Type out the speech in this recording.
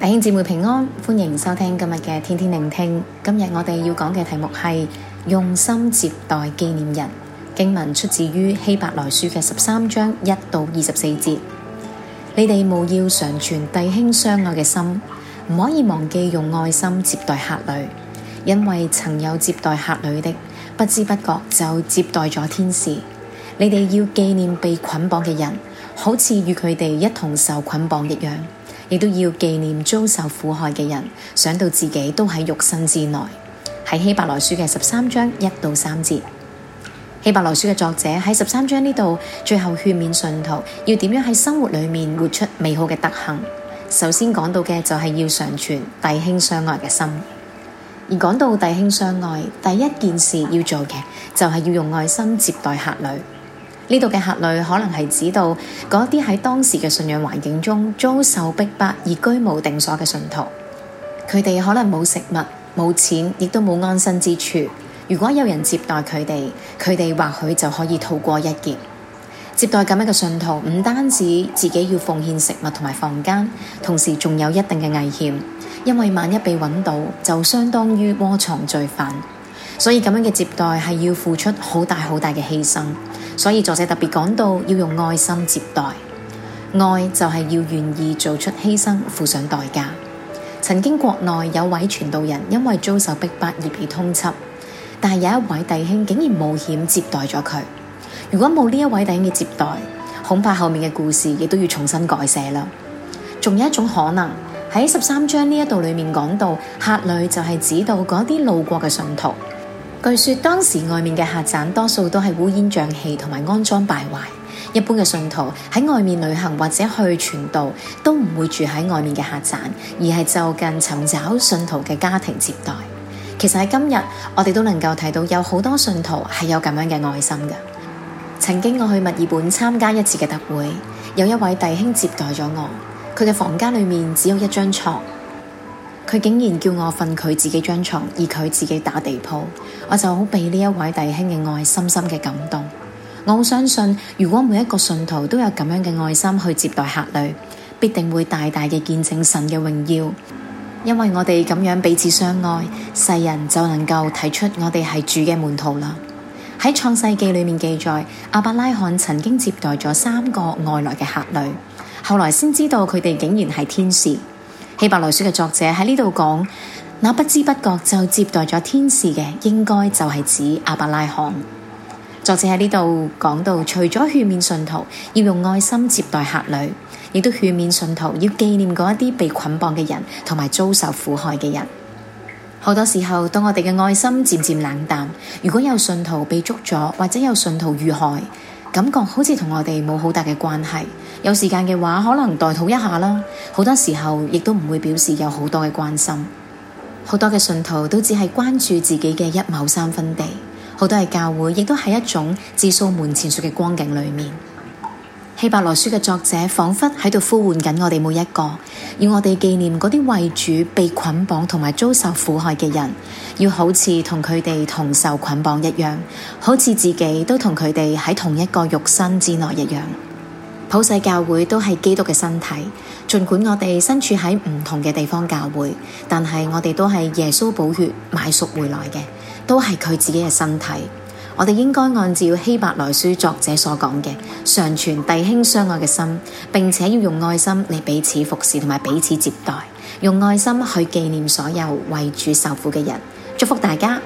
弟兄姊妹平安，歡迎收聽今日嘅天天靈聽。今日我哋要講嘅題目係用心接待紀念人。經文出自於希伯來書嘅十三章一到二十四節。你哋務要常存弟兄相愛嘅心，唔可以忘記用愛心接待客旅，因為曾有接待客旅的，不知不覺就接待咗天使。你哋要紀念被捆綁嘅人，好似與佢哋一同受捆綁一樣。亦都要紀念遭受苦害嘅人，想到自己都喺肉身之內。喺希伯來書嘅十三章一到三節，希伯來書嘅作者喺十三章呢度最後勸勉信徒要點樣喺生活裏面活出美好嘅德行。首先講到嘅就係要常存弟兄相愛嘅心，而講到弟兄相愛，第一件事要做嘅就係、是、要用愛心接待客旅。呢度嘅客旅可能係指到嗰啲喺當時嘅信仰環境中遭受逼迫而居無定所嘅信徒，佢哋可能冇食物、冇錢，亦都冇安身之處。如果有人接待佢哋，佢哋或許就可以逃過一劫。接待咁樣嘅信徒，唔單止自己要奉獻食物同埋房間，同時仲有一定嘅危險，因為萬一被揾到，就相當於窩藏罪犯。所以咁樣嘅接待係要付出好大好大嘅犧牲。所以作者特別講到要用愛心接待，愛就係要願意做出犧牲，付上代價。曾經國內有位傳道人因為遭受逼迫而被通緝，但係有一位弟兄竟然冒險接待咗佢。如果冇呢一位弟兄嘅接待，恐怕後面嘅故事亦都要重新改寫啦。仲有一種可能喺十三章呢一度裏面講到，客旅就係指到嗰啲路過嘅信徒。據說當時外面嘅客棧多數都係烏煙瘴氣同埋骯髒敗壞，一般嘅信徒喺外面旅行或者去傳道都唔會住喺外面嘅客棧，而係就近尋找信徒嘅家庭接待。其實喺今日，我哋都能夠睇到有好多信徒係有咁樣嘅愛心嘅。曾經我去墨爾本參加一次嘅特會，有一位弟兄接待咗我，佢嘅房間裏面只有一張床。佢竟然叫我瞓佢自己張床，而佢自己打地鋪，我就好被呢一位弟兄嘅愛深深嘅感動。我好相信，如果每一個信徒都有咁樣嘅愛心去接待客旅，必定會大大嘅見證神嘅榮耀。因為我哋咁樣彼此相愛，世人就能夠睇出我哋係主嘅門徒啦。喺創世紀裏面記載，亞伯拉罕曾經接待咗三個外來嘅客旅，後來先知道佢哋竟然係天使。希伯來書嘅作者喺呢度講，那不知不覺就接待咗天使嘅，應該就係指亞伯拉罕。作者喺呢度講到，除咗勸勉信徒要用愛心接待客旅，亦都勸勉信徒要紀念嗰一啲被捆綁嘅人同埋遭受苦害嘅人。好多時候，當我哋嘅愛心漸漸冷淡，如果有信徒被捉咗，或者有信徒遇害。感覺好似同我哋冇好大嘅關係，有時間嘅話可能代禱一下啦。好多時候亦都唔會表示有好多嘅關心，好多嘅信徒都只係關注自己嘅一畝三分地，好多嘅教會亦都係一種自掃門前雪嘅光景裏面。希伯來書嘅作者仿佛喺度呼喚緊我哋每一個，要我哋紀念嗰啲為主被捆綁同埋遭受苦害嘅人，要好似同佢哋同受捆綁一樣，好似自己都同佢哋喺同一個肉身之內一樣。普世教會都係基督嘅身體，儘管我哋身處喺唔同嘅地方教會，但係我哋都係耶穌寶血買贖回來嘅，都係佢自己嘅身體。我哋應該按照希伯來書作者所講嘅，常存弟兄相愛嘅心，並且要用愛心嚟彼此服侍同埋彼此接待，用愛心去紀念所有為主受苦嘅人。祝福大家。